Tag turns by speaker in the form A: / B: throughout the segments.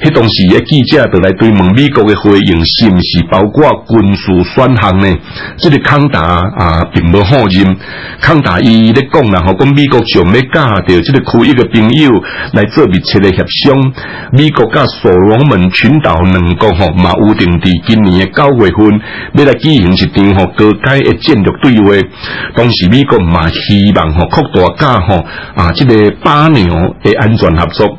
A: 迄當時，個記者都來追問美國嘅回應是毋是包括軍事選項呢？這個康達啊，並無否認。康達伊咧講啦，吼，講美國就欲加掉，即個區域個朋友來做密切嘅協商。美國加索羅門群島兩國吼，嘛有定在今年嘅九月份欲來進行一場合各界嘅戰略對話。當時美國嘛希望吼擴大加吼啊，即個巴紐嘅安全合作。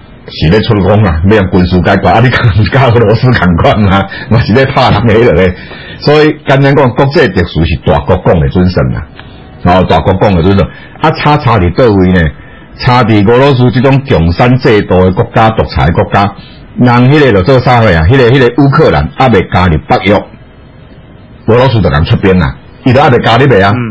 A: 是咧，出風啊，咩軍事解決啊啲，加俄羅斯強管啊，嘛是咧拍人誒，迄起咧。所以簡單講，國際特殊是大國講誒準繩啊。然、哦、後大國講誒準繩啊，差差佇對位呢，差佇俄羅斯即種強身制度誒國家獨裁國家，人迄個就做啥貨、那個那個、啊，迄個迄個烏克蘭阿未加入北約，俄羅斯就人出兵啦，伊都阿未加入嘅啊。嗯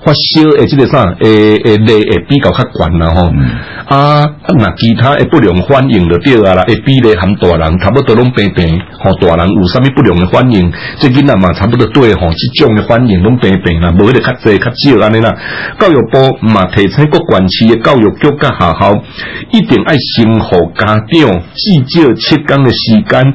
A: 發燒誒，即個啥誒誒類誒比較較懸啦吼啊！啊，那其他誒不良反應着着啊啦，誒比咧含大人差不多攏平平吼、哦，大人有啥物不良嘅反應，最近啊嘛差不多對吼，即、哦、種嘅反應攏平平啦，無一個較儕較少安尼啦。教育部嘛提倡各管區嘅教育局甲學校一定愛先呼家長至少七天嘅時間。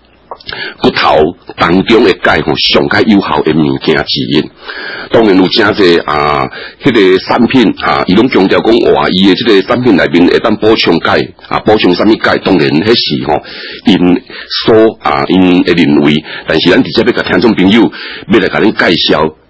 A: 骨頭當中的鈣吼，上較有效嘅物件之一。當然有真濟啊，佢、那個產品啊，伊攏強調講哇，伊嘅即個產品內面會當補充鈣啊，補充啥物鈣？當然迄是吼，因所啊，因會認為。但是咱直接要甲聽眾朋友要來甲恁介紹。